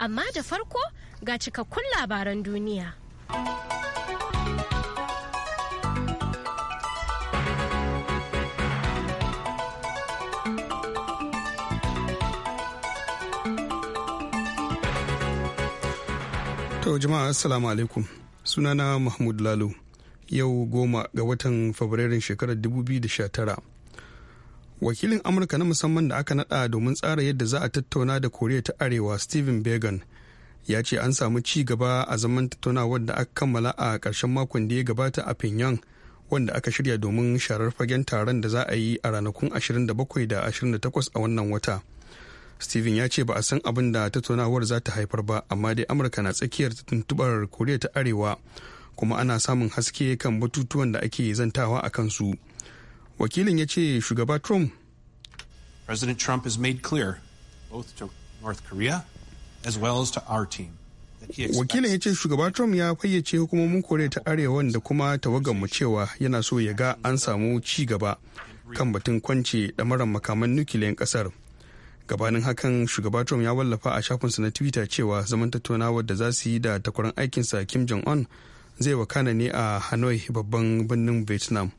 amma da farko ga cikakkun labaran duniya. To jama'a assalamu alaikum sunana Mahmud Lalo yau goma ga watan Fabrairun shekarar 2019 wakilin amurka na musamman da aka nada domin tsara yadda za a tattauna da koriya ta arewa steven began ya ce an samu ci gaba a zaman tattaunawar da aka kammala a ƙarshen makon da ya gabata a pinyon wanda aka shirya domin sharar fagen taron da za a yi a ranakun 27 da 28 a wannan wata steven ya ce ba a san abin da tattaunawar za ta haifar ba amma dai amurka na tsakiyar tuntubar koriya ta arewa kuma ana samun haske kan batutuwan da ake zantawa a kansu. wakilin ya ce shugaba trump president trump has made clear both to north korea as well as to our team wakilin ya ce shugaba trump ya fayyace hukumomin koriya ta arewa da kuma mu cewa yana so ya ga an samu ci gaba kan batun kwance ɗamarar makaman nukiliyan ƙasar gabanin hakan shugaba trump ya wallafa a shafinsa na twitter cewa zaman tattaunawar da za su yi da takwaran aikinsa kim jong-un zai wakana ne a hanoi babban birnin vietnam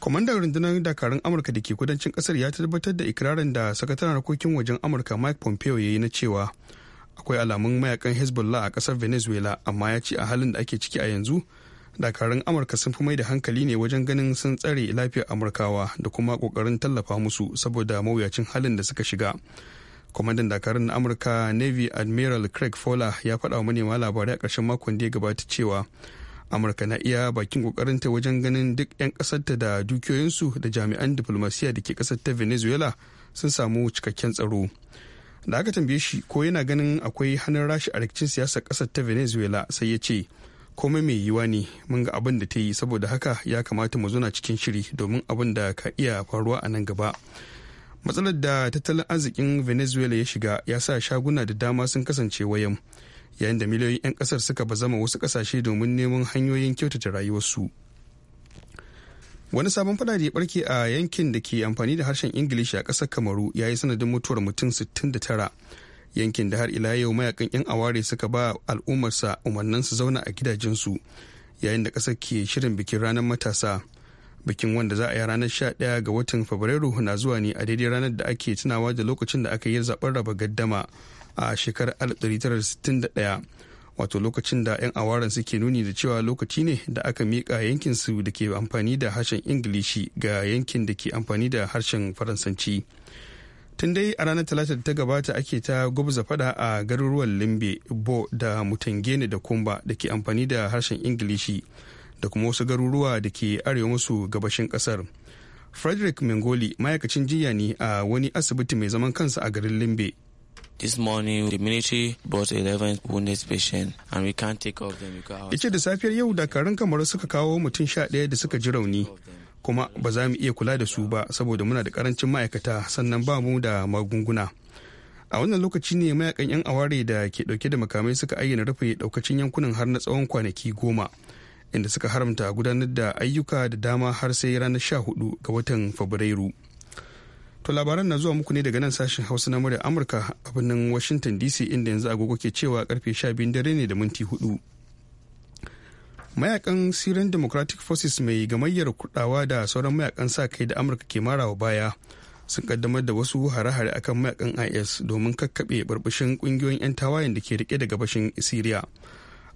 kwamandan rundunar dakarun amurka da ke kudancin kasar ya tabbatar da ikirarin da sakataren harkokin wajen amurka mike pompeo ya yi na cewa akwai alamun mayakan hezbollah a kasar venezuela amma ya ce a halin da ake ciki a yanzu dakarun amurka sun fi mai da hankali ne wajen ganin sun tsare lafiyar amurkawa da kuma kokarin tallafa musu saboda mawuyacin halin da suka shiga kwamandan dakarun na amurka navy admiral craig fowler ya faɗa wa manema labarai a ƙarshen makon da ya gabata cewa amurka na iya bakin ta wajen ganin duk 'yan kasarta da dukiyoyinsu da jami'an diplomasiya da ke kasar ta venezuela sun samu cikakken tsaro da aka tambaye shi ko yana ganin akwai hannun rashi a rikicin siyasar kasar ta venezuela sai ya ce komai mai yiwa ne mun ga abin da ta yi saboda haka ya kamata mu zuna cikin shiri domin abin da ka iya faruwa a nan gaba matsalar da tattalin arzikin venezuela ya shiga ya sa shaguna da dama sun kasance wayan yayin da miliyoyin 'yan kasar suka ba zama wasu kasashe domin neman hanyoyin kyautata rayuwarsu wani sabon fada da ya barke a yankin da ke amfani da harshen ingilishi a kasar kamaru ya yi sanadin mutuwar mutum 69 yankin da har ila yau mayakan 'yan aware suka ba al'ummarsa umarnin su zauna a gidajensu yayin da kasar ke shirin bikin ranar matasa bikin wanda za a yi ranar 11 ga watan fabrairu na zuwa ne a daidai ranar da ake tunawa da lokacin da aka yi zaben raba gaddama a shekarar 1961 wato lokacin da 'yan awaran suke nuni da cewa lokaci ne da aka miƙa yankinsu da ke amfani da harshen ingilishi ga yankin da ke amfani da harshen faransanci tun dai a ranar talata da ta gabata ake ta gwabza fada a garuruwan limbe bo da mutangene da kumba da ke amfani da harshen ingilishi da kuma wasu garuruwa da ke arewa masu gabashin kasar frederick mengoli ma'aikacin jiya ne a wani asibiti mai zaman kansa a garin limbe This morning the military brought 11 wounded patients and we can't take off them. Ice da safiyar yau dakarun kamar suka kawo mutum sha ɗaya da suka ji rauni. Kuma ba za mu iya kula da su ba saboda muna da karancin ma'aikata sannan ba mu da magunguna. a wannan lokaci ne mayakan 'yan aware da ke dauke da makamai suka ayyana rufe daukacin yankunan har na tsawon kwanaki goma inda suka haramta gudanar da ayyuka da dama har sai ranar sha hudu ga watan fabrairu To labaran na zuwa muku ne daga nan sashen Hausa na murya Amurka a birnin Washington DC inda yanzu agogo ke cewa karfe 12 dare ne da minti hudu. Mayakan Syrian Democratic Forces mai gamayyar kudawa da sauran mayakan sa kai da Amurka ke marawa baya sun kaddamar da wasu hare-hare akan mayakan IS domin kakkaɓe barbashin kungiyoyin 'yan tawayen da ke rike da gabashin Syria.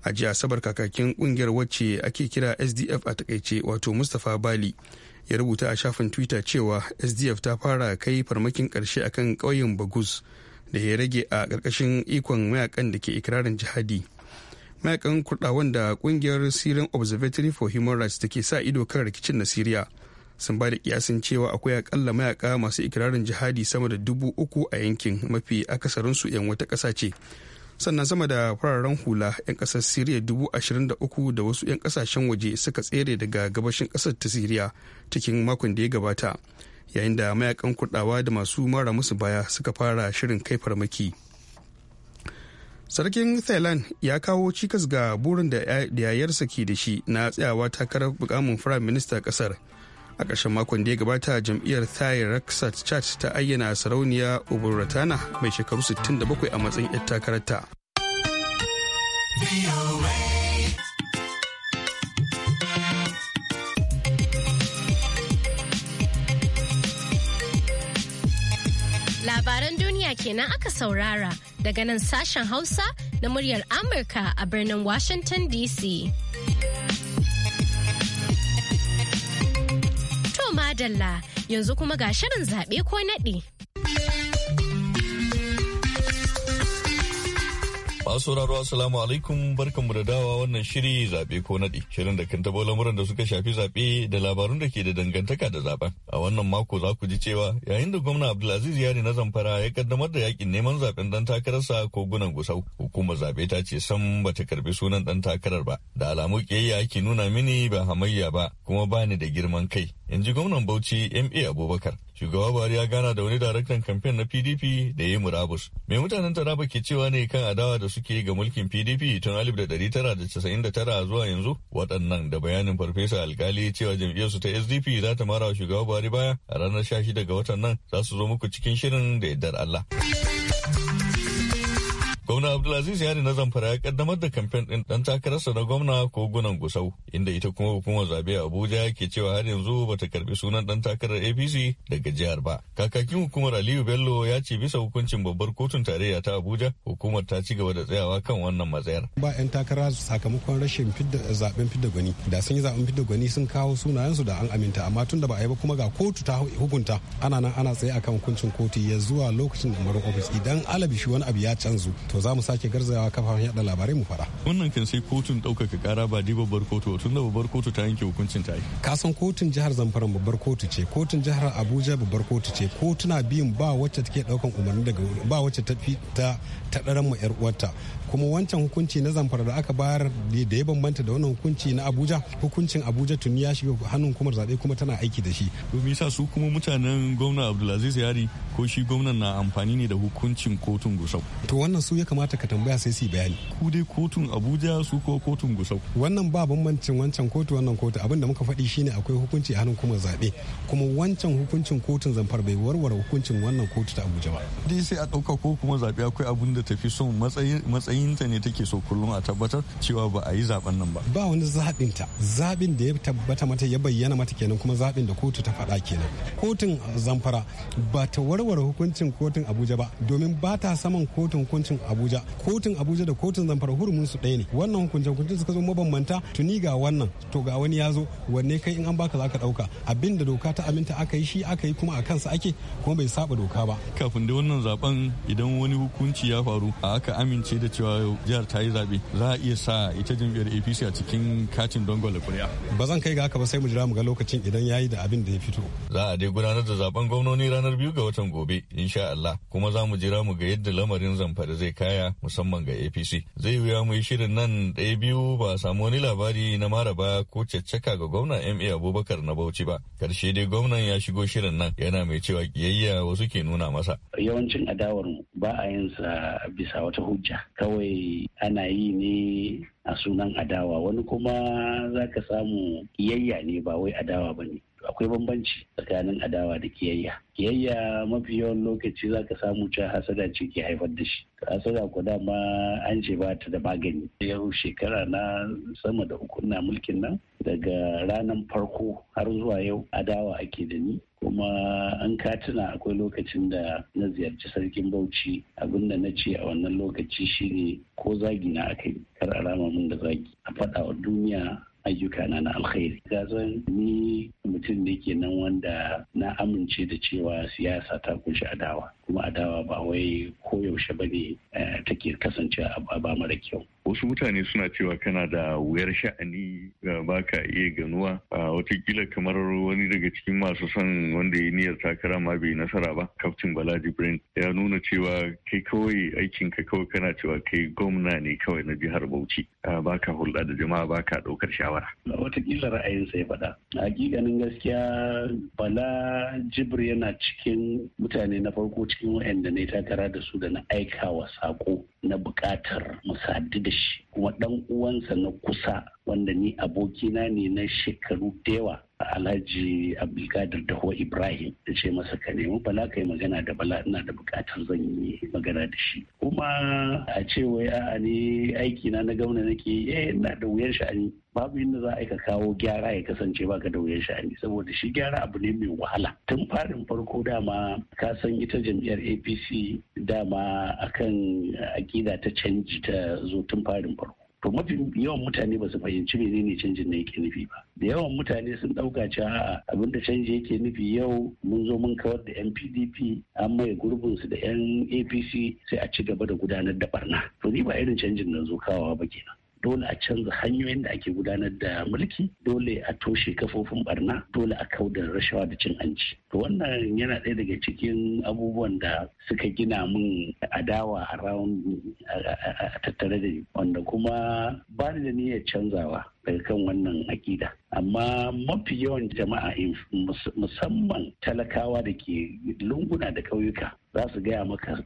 A jiya sabar kakakin kungiyar wacce ake kira SDF a takaice wato Mustapha Bali. ya rubuta a shafin twitter cewa sdf ta fara kai farmakin karshe akan ƙauyen bagus da ya rage a ƙarƙashin ikon mayakan da ke ikirarin jihadi mayakan kurɗawan wanda ƙungiyar syrian observatory for human rights da ke sa ido kan rikicin na syria sun ba da kiyasin cewa akwai akalla mayaka masu ikirarin jihadi sama da dubu uku a yankin mafi akasarinsu 'yan wata ƙasa ce sannan sama da fararen hula 'yan kasar siriya dubu ashirin da uku da wasu 'yan kasashen waje suka tsere daga gabashin kasar ta siriya cikin makon da ya gabata yayin da mayakan kurdawa da masu mara musu baya suka fara shirin kai farmaki sarkin thailand ya kawo cikas ga burin da yayarsa ke da shi na tsayawa takarar bukamin firayim minista kasar a ƙarshen makon da ya gabata jam'iyyar thai raksat church ta ayyana sarauniya uburatana mai shekaru 67 a matsayin 'yar takararta labaran duniya kenan aka saurara daga nan sashen hausa na muryar amurka a birnin washington dc madalla yanzu kuma ga shirin zaɓe ko naɗi. Masu sauraro Assalamu alaikum barkanmu da dawa wannan shiri zaɓe ko naɗi. Shirin da kan tabo lamuran da suka shafi zaɓe da labarun da ke da dangantaka da zaɓen. A wannan mako za ku ji cewa yayin da gwamna Abdulaziz Yari na Zamfara ya kaddamar da yakin neman zaɓen dan takararsa ko gunan gusau. Hukumar zaɓe ta ce san ba ta karbi sunan dan takarar ba. Da alamu ƙiyayya ake nuna mini ba hamayya ba kuma bani da girman kai. in ji gwamnan bauchi ma abubakar shugaba buhari ya gana da wani daraktan kamfen na pdp da ya murabus mai mutanen taraba ke cewa ne kan adawa da suke ga mulkin pdp tun 1999 zuwa yanzu waɗannan da bayanin farfesa alkali cewa jam'iyyarsu ta sdp za ta mara wa shugaba buhari baya a ranar 16 ga watan nan za su zo muku cikin shirin da yardar allah Gwamna Abdulaziz Yari na Zamfara ya kaddamar da kamfen ɗin dan takararsa na gwamna ko gunan gusau, inda ita kuma hukumar zabe Abuja ke cewa har yanzu ba ta karbi sunan dan takarar APC daga jihar ba. Kakakin hukumar Aliyu Bello ya ce bisa hukuncin babbar kotun tarayya ta Abuja, hukumar ta ci gaba da tsayawa kan wannan matsayar. Ba 'yan takara sakamakon rashin zaben fidda gwani. Da sun yi zaben fidda gwani sun kawo sunayensu da an aminta, amma tun da ba a yi ba kuma ga kotu ta hukunta. Ana nan ana tsaye akan hukuncin kotu ya zuwa lokacin da ofis idan alabi shi wani abu ya canzu. to za mu sake garzawa kafafen yada labarai mu fara wannan kan sai kotun ɗaukaka kara ba di babbar kotu tun da babbar kotu ta yanke hukuncin ta yi kasan kotun jihar zamfara babbar kotu ce kotun jihar abuja babbar kotu ce kotuna biyun ba wacce take daukan umarni daga ba wacce ta fi ta ta mu yar uwarta kuma wancan hukunci na zamfara da aka bayar da ya bambanta da wannan hukunci na abuja hukuncin abuja tuni ya shiga hannun kuma zaɓe kuma tana aiki da shi to me yasa su kuma mutanen gwamna abdulaziz yari ko shi gwamnan na amfani ne da hukuncin kotun gusau to wannan su ya kamata ka tambaya sai su bayani ku dai kotun abuja su ko kotun gusau wannan ba bambancin wancan kotu wannan kotu abin da muka faɗi shine akwai hukunci a hannun kuma zaɓe kuma wancan hukuncin kotun zamfara bai warware hukuncin wannan kotu ta abuja ba dai sai a ɗauka ko kuma zaɓe akwai abin da tafi son matsayin ainihinta ne take so kullum a tabbatar cewa ba a yi zaben nan ba ba wani zaɓin ta zaɓin da ya tabbata mata ya bayyana mata kenan kuma zaɓin da kotu ta faɗa kenan kotun uh, zamfara ba ta warware hukuncin kotun abuja ba domin ba ta saman kotun hukuncin abuja kotun abuja da kotun zamfara hurumin su ɗaya ne wannan hukuncin hukuncin suka zo mabambanta tuni ga wannan to ga wani ya zo wanne kai in an baka za ka ɗauka abinda doka ta aminta aka yi shi aka yi kuma a kansa ake kuma bai saba doka ba kafin da wannan zaben idan wani hukunci ya faru a aka amince da cewa jihar ta yi zaɓe za a iya sa ita jam'iyyar apc a cikin katin dongola kuri'a ba zan kai ga haka ba sai mu jira mu ga lokacin idan ya yi da abin da ya fito za a dai gudanar da zaben gwamnoni ranar biyu ga watan gobe insha Allah kuma za mu jira mu ga yadda lamarin zamfara zai kaya musamman ga apc zai wuya mu yi shirin nan ɗaya biyu ba a samu wani labari na mara ba ko caccaka ga gwamna ma abubakar na bauchi ba karshe dai gwamnan ya shigo shirin nan yana mai cewa kiyayya wasu ke nuna masa yawancin adawar ba a yin sa bisa wata hujja kawai ana yi ne a sunan adawa wani kuma za ka samu kiyayya ne ba wai adawa ba ne akwai bambanci tsakanin adawa da kiyayya kiyayya mafi yawan lokaci za ka samu cewa hasada ce ke haifar da shi hasada ku dama an ce ba ta da magani yau shekara na sama da uku na mulkin nan daga ranar farko har zuwa yau adawa ake da ni kuma an katina akwai lokacin da na ziyarci sarkin bauchi abinda na ce a wannan lokaci shine ko zagi na aka kar a rama mun da zagi a faɗa wa duniya ayyukana na alkhairi zan ni mutum ne nan wanda na amince da cewa siyasa ta kunshi adawa kuma adawa ba wai koyaushe ba ne eh, take kasancewa a ba mara kyau wasu mutane suna cewa kana da wuyar sha'ani eh, ba ka iya ganuwa a watakila kamar wani daga cikin masu son wanda ya niyyar takara ma bai nasara ba kaftin bala jibrin ya nuna cewa kai kawai aikinka kawai kana cewa kai gwamna ne kawai na jihar bauchi ba ka hulɗa da jama'a ba ka ɗaukar shawara watakila ra'ayin sai faɗa hakikanin gaskiya bala jibir yana cikin mutane na farko cikin wa'anda ne takara da su da na aikawa sako na buƙatar mu sadu da shi kuma ɗan uwansa na kusa wanda ni abokina ne na shekaru da yawa alhaji abdulkadir dahuwa ibrahim da ce masa ka nemi bala ka yi magana da bala ina da bukatar zan yi magana da shi kuma a ce wai a ne aiki na na gwamna nake eh ina da wuyan sha'ani babu inda za a ka kawo gyara ya kasance baka da wuyan sha'ani saboda shi gyara abu ne mai wahala tun farin farko dama ka san ita jam'iyyar apc dama akan akida ta canji ta zo tun farin farko to mafi yawan mutane ba su fahimci menene canjin na yake nufi ba da yawan mutane sun ɗauka cewa abin da canji yake nufi yau mun zo mun kawar da yan pdp an maye gurbin su da yan apc sai a ci gaba da gudanar da barna to ni ba irin canjin nan zo kawawa ba kenan dole a canza hanyoyin da ake gudanar da mulki dole a toshe kafofin barna dole a kau da rashawa da cin hanci to wannan yana ɗaya daga cikin abubuwan da suka gina min adawa a a tattare da ni wanda kuma ba da niyyar canzawa daga kan wannan akida amma mafi yawan jama'a musamman talakawa da ke lunguna da ƙauyuka za su gaya maka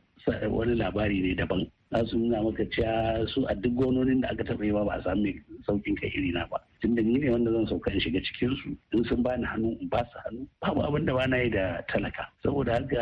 wani labari ne daban za su nuna maka cewa su a duk gononin da aka taɓa yi ba ba a samu mai saukin kai iri na ba tun da ni ne wanda zan sauka in shiga cikin su in sun bani hannu in ba su hannu babu abin da bana yi da talaka saboda haka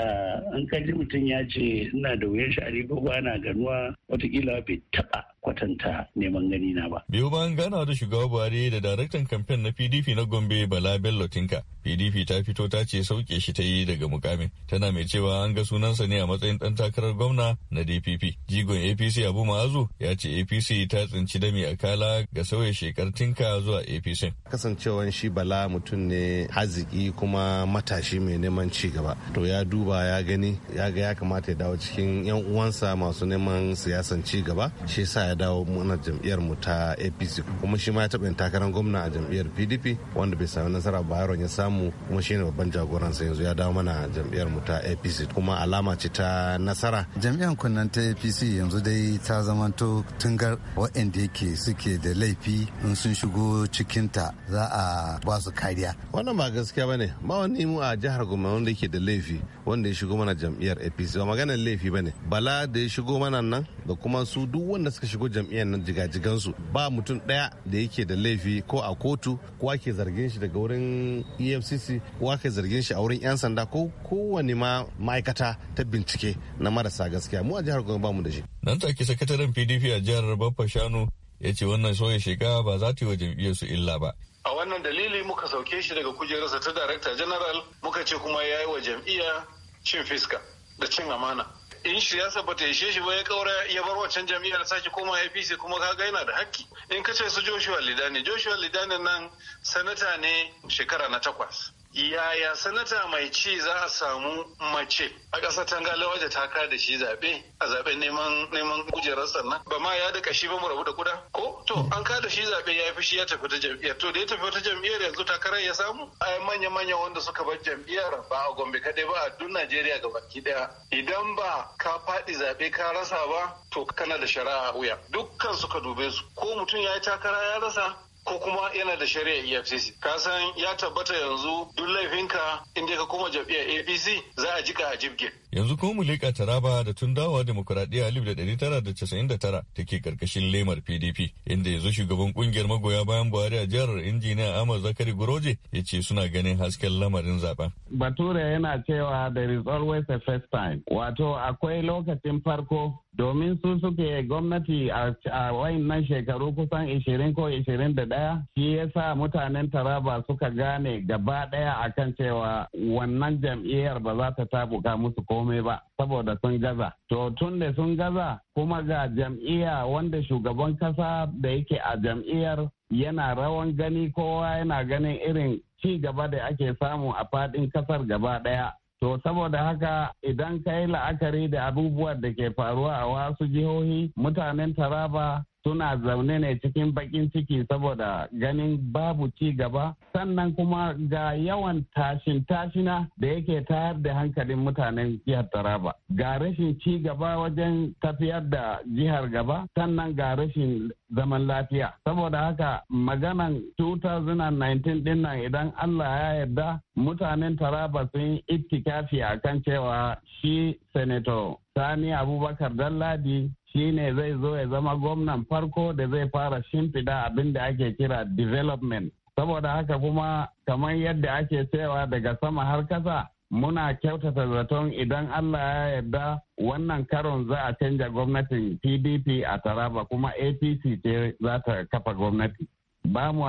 an kaji mutum ya ce ina da wuyan sha'ani ko ba na ganuwa watakila bai taɓa kwatanta neman gani na ba. Biyu bayan gana da shugaba Buhari da daraktan kamfen na PDP na Gombe Bala Bello Tinka. PDP ta fito ta ce sauke shi ta yi daga mukamin. Tana mai cewa an ga sunansa ne a matsayin ɗan takarar gwamna na DPP. Jigon APC Abu Ma'azu ya ce APC ta tsinci dami a kala ga sauya shekar Tinka zuwa APC. Kasancewan shi Bala mutum ne haziki kuma matashi mai neman ci gaba. To ya duba ya gani ya ga ya kamata ya dawo cikin 'yan uwansa masu neman siyasan ci gaba. Shi sa ya dawo muna jam'iyyar mu ta apc kuma shi ma ya taɓa yin takarar gwamna a jam'iyyar pdp wanda bai sami nasara ba yaron ya samu kuma shine babban jagoransa yanzu ya dawo mana jam'iyyar mu ta apc kuma alama ce ta nasara jam'iyyar kunnan ta apc yanzu dai ta zamanto tungar waɗanda yake suke da laifi in sun shigo cikinta za a ba su kariya wannan ba gaskiya bane ba wani mu a jihar goma wanda yake da laifi wanda ya shigo mana jam'iyyar apc ba maganar laifi bane bala da ya shigo mana nan da kuma su duk wanda suka shigo jam'iyyar nan su ba mutum ɗaya da yake da laifi ko a kotu kowa ke zargin shi daga wurin efcc kowa ke zargin shi a wurin 'yan sanda ko kowane ma ma'aikata ta bincike na marasa gaskiya mu a jihar Gombe ba mu da shi. Nan take sakataren PDP a jihar babba Shanu ya ce wannan sauya shiga ba za ta yi wa jam'iyyar su illa ba. a wannan dalili muka sauke shi daga kujerarsa ta director general muka ce kuma ya yi wa jam'iyya cin fiska da cin amana in siyasa ba ta ishe shi ba ya kaura ya bar wancan jami'ar sake koma APC kuma kaga yana da hakki in ka ce su Joshua Lidani Joshua Lidani nan sanata ne shekara na takwas yaya sanata mai ci za a samu mace a ƙasa tangalawa da taka da shi zaɓe a zaɓe neman kujerar sannan ba ma ya da kashi ba mu rabu da kuda ko to an kada shi zaɓe ya fi shi ya tafi ta jam'iyyar to da ya tafi ta jam'iyyar yanzu takarar ya samu a manya manya wanda suka bar jam'iyyar ba a gombe kaɗai ba a duk najeriya ga baki ɗaya idan ba ka faɗi zaɓe ka rasa ba to kana da shari'a a wuya dukkan suka dube su ko mutum ya yi takara ya rasa ko kuma yana da shari'a EFCC. Ka san ya tabbata yanzu duk laifinka inda ka koma jam'iyyar APC za a jika a jibgin. Yanzu kuma mu leƙa Taraba da tun dawa demokuraɗiyya alif da ɗari tara da casa'in da tara ta ke ƙarƙashin lemar PDP inda yanzu shugaban ƙungiyar magoya bayan Buhari a jihar injiniya Ahmad Zakari Guroje ya ce suna ganin hasken lamarin zaɓen Bature yana cewa there is always a first time. Wato akwai lokacin farko domin su suke gwamnati a wayannan shekaru kusan 20 ko da 21 shi yasa mutanen taraba suka gane gaba ɗaya akan cewa wannan jam'iyyar ba za ta tabuka musu komai komai ba saboda sun gaza to tun da sun gaza kuma ga jam'iyya wanda shugaban kasa da yake a jam'iyyar yana rawan gani kowa yana ganin irin ci gaba da ake samu a faɗin kasar gaba ɗaya To saboda haka idan ka la'akari da abubuwan da ke faruwa a wasu jihohi mutanen Taraba suna zaune ne cikin bakin ciki saboda ganin babu ci gaba sannan kuma ga yawan tashin tashina da yake tayar da hankalin mutanen jihar taraba ga rashin ci gaba wajen tafiyar da jihar gaba sannan ga rashin zaman lafiya saboda haka maganan 2019 din nan idan allah ya yarda mutanen taraba sun yi a kan cewa shi senator sani abubakar dalladi shi ne zai zo ya zama gwamnan farko da zai fara shimfida abin da ake kira development saboda haka kuma kamar yadda ake cewa daga sama har kasa muna kyautata zaton idan allah ya yarda wannan karon za a canja gwamnatin pdp a taraba kuma apc ce za ta kafa gwamnati ba mu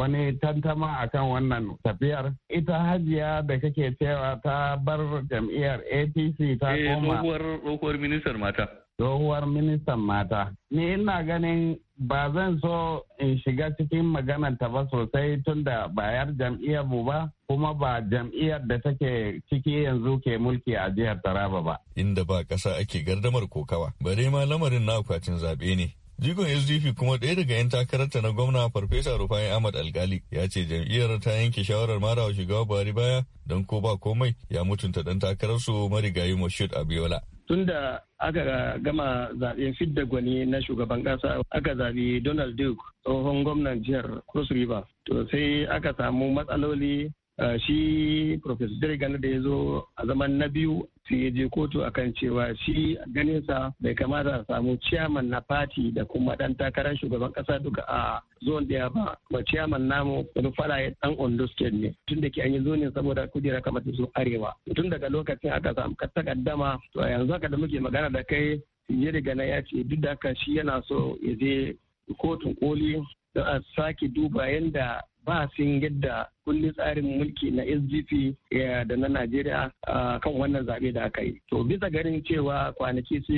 wani tantama akan wannan tafiyar ita hajiya da kake cewa ta bar jam'iyyar apc ta eh, koma tsohuwar ministar mata tsohuwar ministan mata. Ni ina ganin ba zan so in shiga cikin maganar ta ba sosai tunda da bayar jam'iyyar mu ba kuma ba jam'iyyar da take ciki yanzu ke mulki a jihar Taraba ba. Inda ba kasa ake gardamar kokawa, bare ma lamarin na akwatin zaɓe ne. Jigon SDP kuma ɗaya daga 'yan takararta na gwamna Farfesa Rufai Ahmad Alkali ya ce jam'iyyar ta yanke shawarar mara wa shugaba Buhari baya don ko ba komai ya mutunta ɗan takararsu marigayi Moshood Abiola. tun da aka gama zaɓen fidda gwani na shugaban ƙasa aka zaɓi donald duke tsohon gwamnan jihar cross river to sai aka samu matsaloli shi professor jirgin da ya zo a zaman na biyu sai ya je kotu akan cewa shi ganinsa bai kamata a samu ciyaman na fati da kuma dan takarar shugaban kasa duka a zon daya ba ba ciyaman namu wani fara ya dan ondo state ne tun da ke an yi zonin saboda kujera kamar su arewa tun daga lokacin aka samu takaddama to yanzu haka da muke magana da kai ya riga na ya ce duk da haka shi yana so ya je kotun koli don a sake duba yadda Ba sin yadda kulli tsarin mulki na sgp da na najeriya kan wannan zaɓe da aka yi to bisa garin cewa kwanaki su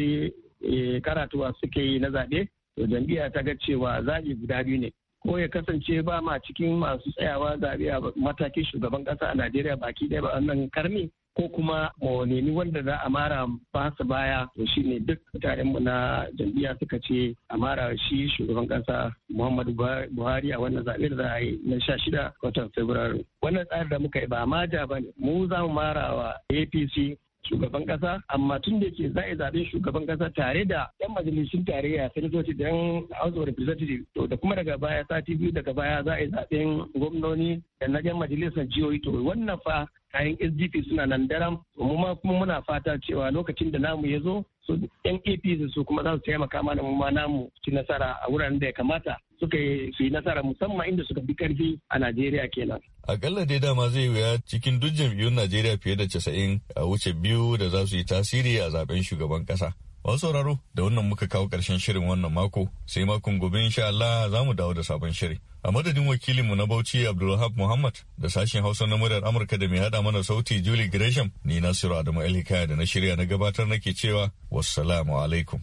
e, karatuwa suke yi na zaɓe to jam'iyya ta ga cewa zaɓi guda biyu ne ko ya kasance ba ma cikin masu tsayawa zaɓe a matakin shugaban ƙasa a najeriya baki ɗaya ba wannan karni ko kuma mu ni wanda za a mara ba baya to shi ne duk mutanenmu na jam'iyya suka ce a mara shi shugaban kasa Muhammadu Buhari a wannan zaɓen za a yi na sha shida watan Fabrairu. Wannan tsarin da muka yi ba ma ja ba ne mu za mu mara wa APC shugaban kasa amma tun da ke za a zaɓen shugaban kasa tare da yan majalisun tarayya sanatoci da yan house of representatives to da kuma daga baya sati biyu daga baya za a zaɓen gwamnoni da na yan majalisar jihohi to wannan fa kayan SDP suna nan daram mu ma kuma muna fata cewa lokacin da namu ya zo su yan APC su kuma za su taimaka mana mu ma namu ci nasara a wuraren da ya kamata suka su yi nasara musamman inda suka fi karfi a Najeriya kenan. Akalla dai dama zai wuya cikin duk jam'iyyun Najeriya fiye da casa'in a wuce biyu da za su yi tasiri a zaben shugaban kasa. Masu sauraro da wannan muka kawo ƙarshen shirin wannan mako sai makon gobe insha Allah za mu dawo da sabon shiri. A madadin wakilinmu na Bauchi abdulwahab Muhammad da sashen Hausa na muryar Amurka da mai haɗa mana sauti Julie Gresham ni Nasiru Adamu Elhikaya da na shirya na gabatar nake cewa wassalamu alaikum.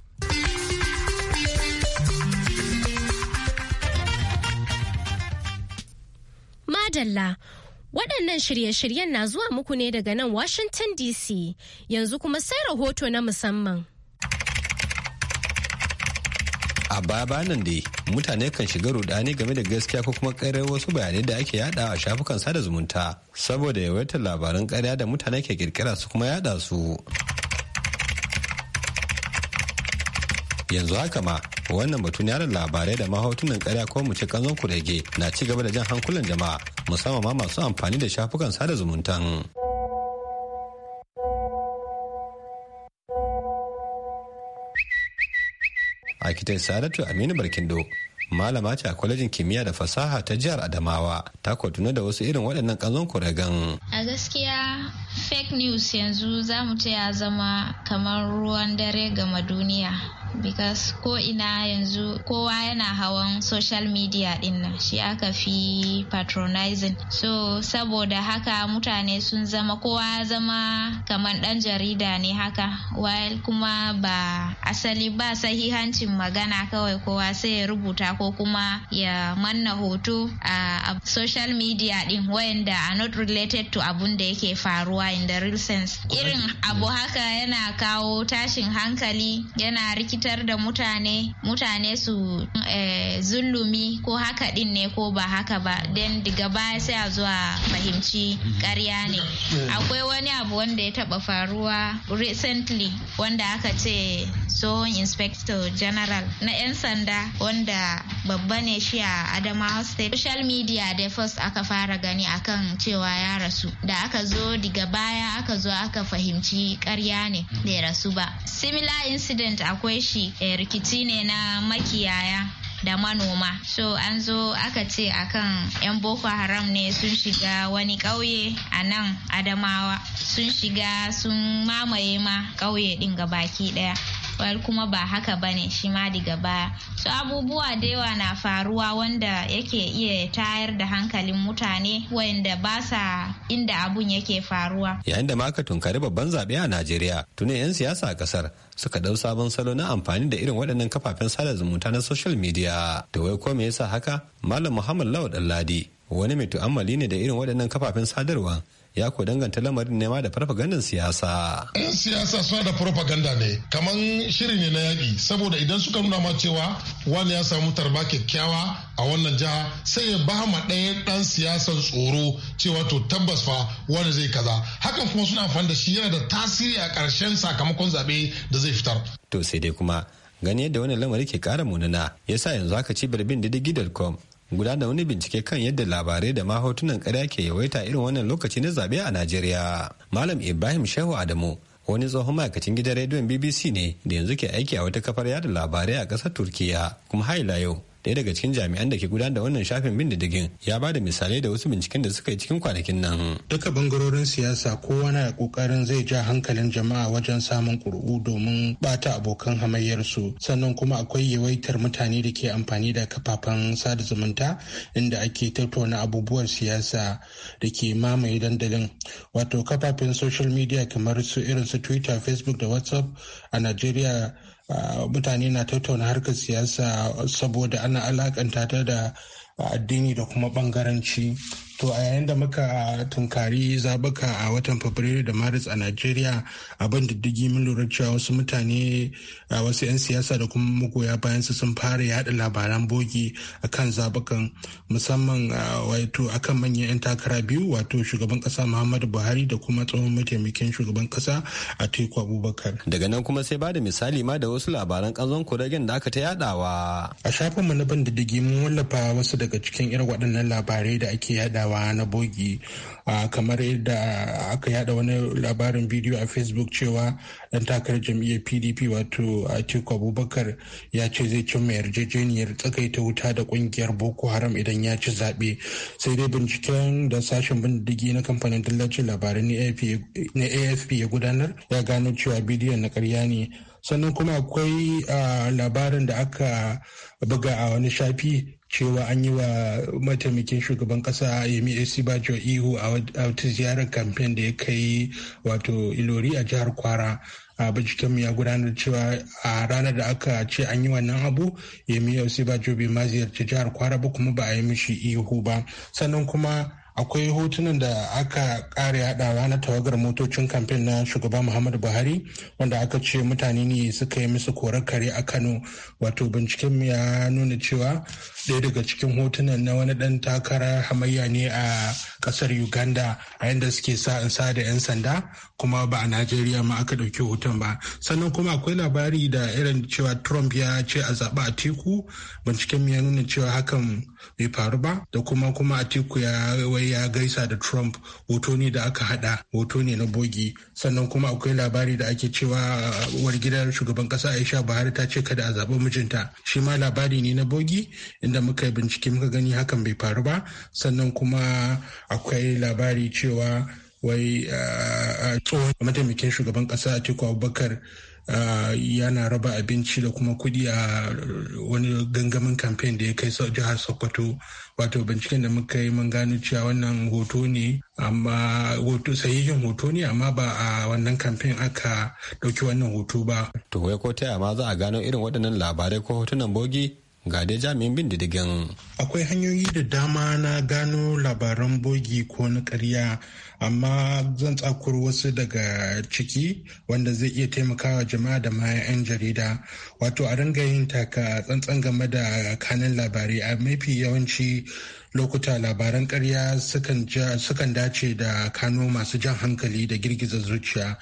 Madalla Waɗannan shirye-shiryen na zuwa muku ne daga nan Washington DC yanzu kuma sai rahoto na musamman. a baya nan dai mutane kan shiga rudani game da gaskiya ko kuma karyar wasu bayanai da ake yada a shafukan sada zumunta saboda yawaitar labaran karya da mutane ke kirkira su kuma yada su yanzu haka ma wannan batun yaran labarai da mahautunan karya ko mu ce kanzon kurege na ci gaba da jan hankulan jama'a musamman ma masu amfani da shafukan sada zumuntan. Likitan sadatu aminu barkindo malama ce a kwalejin kimiyya da fasaha ta jihar adamawa ta kwatuna da wasu irin waɗannan kanzon kuragen a gaskiya fake news yanzu za mu ta ya zama kamar ruwan dare gama duniya because ko ina yanzu kowa yana hawan social media din nan shi aka fi patronizing so saboda haka mutane sun zama kowa zama kamar dan jarida ne haka while kuma ba asali ba sahihancin magana kawai kowa sai ya rubuta ko kuma ya manna hoto a social media din wayanda a not related to abun da yake faruwa in the real sense irin abu haka yana kawo tashin hankali yana rikita cutar da mutane mutane su eh, zullumi ko haka din ne ko ba haka ba don daga baya sai a zuwa fahimci karya ne mm-hmm. akwai wani abu wanda ya taba faruwa recently wanda aka ce tsohon inspector general na 'yan sanda wanda babba ne shi a adamawa state social media da first aka fara gani akan cewa ya rasu da aka zo diga baya aka zo aka fahimci karya ne da ya rasu ba similar incident akwai shi eh, rikici ne na makiyaya da manoma so an zo aka ce akan 'yan boko haram ne sun shiga wani ƙauye a nan adamawa sun shiga sun mamaye ma ƙauye ɗin baki ɗaya wayar kuma ba haka bane shi ma daga baya su abubuwa da yawa na faruwa wanda yake iya tayar da hankalin mutane wayanda ba sa inda abun yake faruwa yayin da maka tunkari babban zaɓe a najeriya tuni 'yan siyasa a kasar suka ɗau sabon salo na amfani da irin waɗannan kafafen sada zumunta na social media da wai ko me yasa haka malam muhammad lawal ladi wani mai tu'ammali ne da irin waɗannan kafafen sadarwa ya ko danganta lamarin ne ma da farfagandan siyasa. 'Yan siyasa suna da farfaganda ne kamar shiri ne na yaki saboda idan suka nuna ma cewa wani ya samu tarba kyakkyawa a wannan jiha sai ya ba ma ɗaya ɗan siyasan tsoro cewa to tabbas fa wani zai kaza hakan kuma suna amfani da shi yana da tasiri a ƙarshen sakamakon zaɓe da zai fitar. To sai dai kuma gani yadda wani lamari ke ƙara munana ya sa yanzu haka ci bin diddigi.com Guda da wani bincike kan yadda labarai da ma karya ke yawaita irin wannan lokaci na zaɓe a Najeriya. Malam Ibrahim Shehu Adamu wani tsohon ma'aikacin gidan rediyon BBC ne da yanzu ke aiki a wata kafar yada labarai a ƙasar Turkiya kuma haila yau ɗaya daga cikin jami'an da ke gudanar da wannan shafin bin diddigin ya ba da misalai da wasu binciken da suka yi cikin kwanakin nan. Duka bangarorin siyasa kowa na kokarin zai ja hankalin jama'a wajen samun ƙuri'u domin bata abokan hamayyarsu sannan kuma akwai yawaitar mutane da ke amfani da kafafen sada zumunta inda ake tattauna abubuwan siyasa da ke mamaye dandalin wato kafafen social media kamar su irin su twitter facebook da whatsapp a najeriya Ah, mutane na tattauna harkar siyasa saboda ana alakanta ta da ah, addini da kuma bangaranci To a yayin da muka tunkari zabuka a watan Fabrairu da Maris a Najeriya abin diddigi mun lura cewa wasu mutane a wasu 'yan siyasa da kuma magoya bayan su sun fara yaɗa labaran bogi a kan zabukan musamman wato akan manyan 'yan takara biyu wato shugaban kasa Muhammadu Buhari da kuma tsohon mataimakin shugaban kasa a Teku Abubakar. Daga nan kuma sai bada misali ma da wasu labaran kanzon kuragen da aka ta yadawa. A shafinmu na bin diddigi mun wallafa wasu daga cikin irin waɗannan labarai da ake yadawa yadawa na bogi kamar yadda aka yada wani labarin bidiyo a facebook cewa dan takarar jam'iyyar pdp wato atiku abubakar ya ce zai cimma yarjejeniyar tsakaita wuta da kungiyar boko haram idan ya ci zaɓe sai dai binciken da sashen bindigi na kamfanin dillacin labarai na afp ya gudanar ya gano cewa bidiyon na karya ne sannan kuma akwai labarin da aka buga a wani shafi cewa an yi wa mataimakin shugaban kasa yemi bajo ihu a wata ziyarar kamfen da ya kai wato ilori a jihar kwara a binciken ya gudanar cewa a ranar da aka ce an yi wannan abu yemi bajo bai ma ziyarci jihar kwara ba kuma ba a yi mishi ihu ba sannan kuma akwai hotunan da aka kare haɗawa na tawagar motocin kamfen na shugaba muhammadu buhari wanda aka ce mutane ne suka yi musu korar kare a kano wato binciken ya nuna cewa daya daga cikin hotunan na wani dan takarar hamayya ne a kasar uganda a yadda suke sa in sa da 'yan sanda kuma ba a najeriya ma aka ɗauki hoton ba sannan kuma akwai labari da irin cewa trump ya ce a zaba a teku binciken ya nuna cewa hakan bai faru ba da kuma kuma a teku ya wai ya gaisa da trump hoto ne da aka hada hoto ne na bogi sannan kuma akwai labari da ake cewa uh, uwar gidan shugaban kasa aisha buhari ta ce kada a zaɓi mijinta shi ma labari ne na bogi inda muka yi bincike muka gani hakan bai faru ba sannan kuma akwai labari cewa wai tsohon mataimakin shugaban kasa atiku abubakar yana raba abinci da kuma kudi a wani gangamin kamfen da ya kai jihar sokoto wato binciken da muka yi mun gano cewa wannan hoto ne amma hoto sahihin hoto ne amma ba a wannan kamfen aka dauki wannan hoto ba to wai ko taya ma za a gano irin waɗannan labarai ko hotunan bogi ga dai jami'in bin diddigin akwai hanyoyi da dama na gano labaran bogi ko na ƙarya amma zan tsakur wasu daga ciki wanda zai iya taimakawa jama'a da ma 'yan jarida wato a ringa yin taka tsantsan game da kanin labarai a mafi yawanci lokuta labaran karya sukan dace da kano masu jan hankali da girgiza zuciya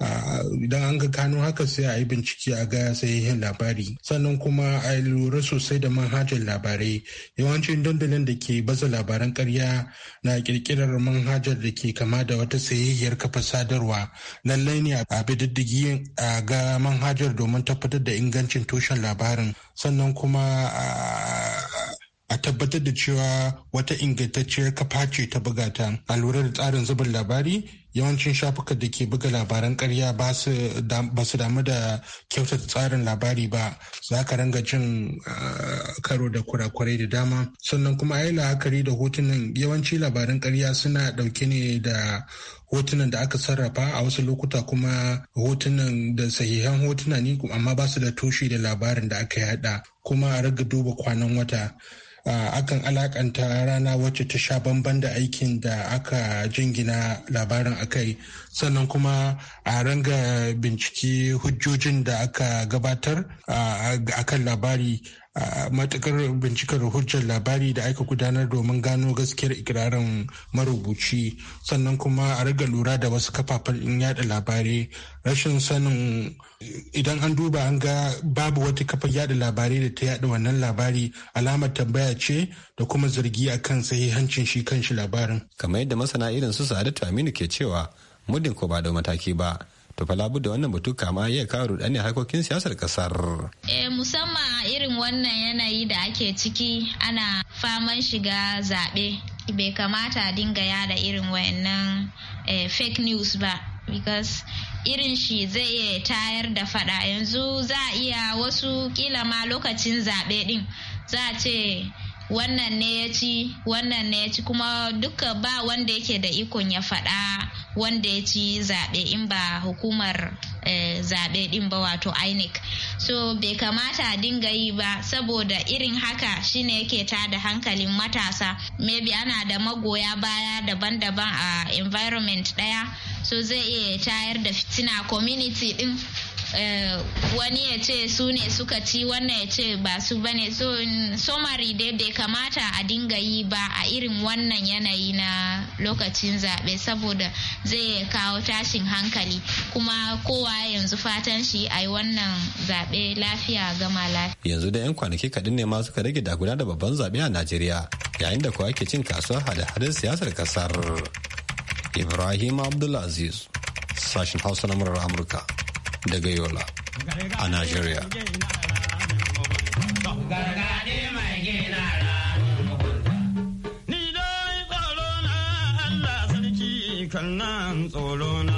Ah, idan an ga kano haka sai a yi bincike a ga sayayyen labari sannan kuma a lura sosai da manhajar labarai yawancin dandalin da ke baza labaran karya na kirkirar manhajar da ke kama da wata sayayyar kafa sadarwa lallai ne a bi diddigi a ga manhajar domin tabbatar da ingancin tushen labarin sannan kuma ah, a tabbatar da cewa wata ingantacciyar kafa ce ta buga ta a lura da tsarin zubin labari yawancin shafukan da ke buga labaran karya ba su damu da kyautata tsarin labari ba za ka ranga jin ah, karo da kurakurai da dama sannan kuma yi la'akari da hotunan yawanci labaran karya suna dauke ne da hotunan da aka sarrafa a wasu lokuta kuma hotunan da sahihan hotuna ne amma ba su da tushe da labarin da aka yada kuma a raga duba kwanan wata akan alakanta rana wacce ta sha bamban da aikin da aka jingina labarin akai sannan kuma a ranga binciki hujjojin da aka gabatar a kan labari a matakar bincikar hujjar labari da aka gudanar domin gano gaskiyar ikirarin marubuci sannan kuma a riga lura da wasu kafafen yada labarai rashin sanin idan an duba an ga babu wata kafar yada labarai da ta yada wannan labari alamar tambaya ce da kuma zargi akan sahihancin shi kanshi labarin kamar yadda masana irin su sa'adatu aminu ke cewa muddin ko ba da mataki ba to fa labu da wannan batu kama iya kawo rudani harkokin siyasar ƙasar. eh musamman irin wannan yanayi da ake ciki ana faman shiga zaɓe bai kamata a dinga yada irin wayannan eh, fake news ba because irin shi zai iya tayar da fada yanzu za a iya wasu kila ma lokacin zaɓe din za a ce wannan ne ya ci wannan ne ya ci kuma duka ba wanda yake da ikon ya faɗa wanda ya ci zaɓe in ba hukumar eh, zaɓe ɗin ba wato inec so bai kamata a dinga yi ba saboda irin haka shine yake ta da hankalin matasa maybe ana da magoya baya daban-daban a environment ɗaya so zai iya tayar da fitina community ɗin Eh, wani ya ce su ne suka ci wannan ya ce ba su bane so somari dai bai kamata a dinga yi ba a irin wannan yanayi na lokacin zaɓe saboda zai kawo tashin hankali kuma kowa yanzu fatan shi a yi wannan zaɓe lafiya gama lafiya yanzu da 'yan kwanaki kaɗan ne ma suka rage daguna da babban zaɓe a najeriya yayin da kowa ke cin kasuwa hada-hadar siyasar kasar ibrahim abdulaziz sashen hausa na murar amurka daga Yola a Najeriya. Ni dai tsoro na Allah sarki kan nan tsoro na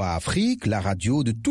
à Afrique, la radio de tout le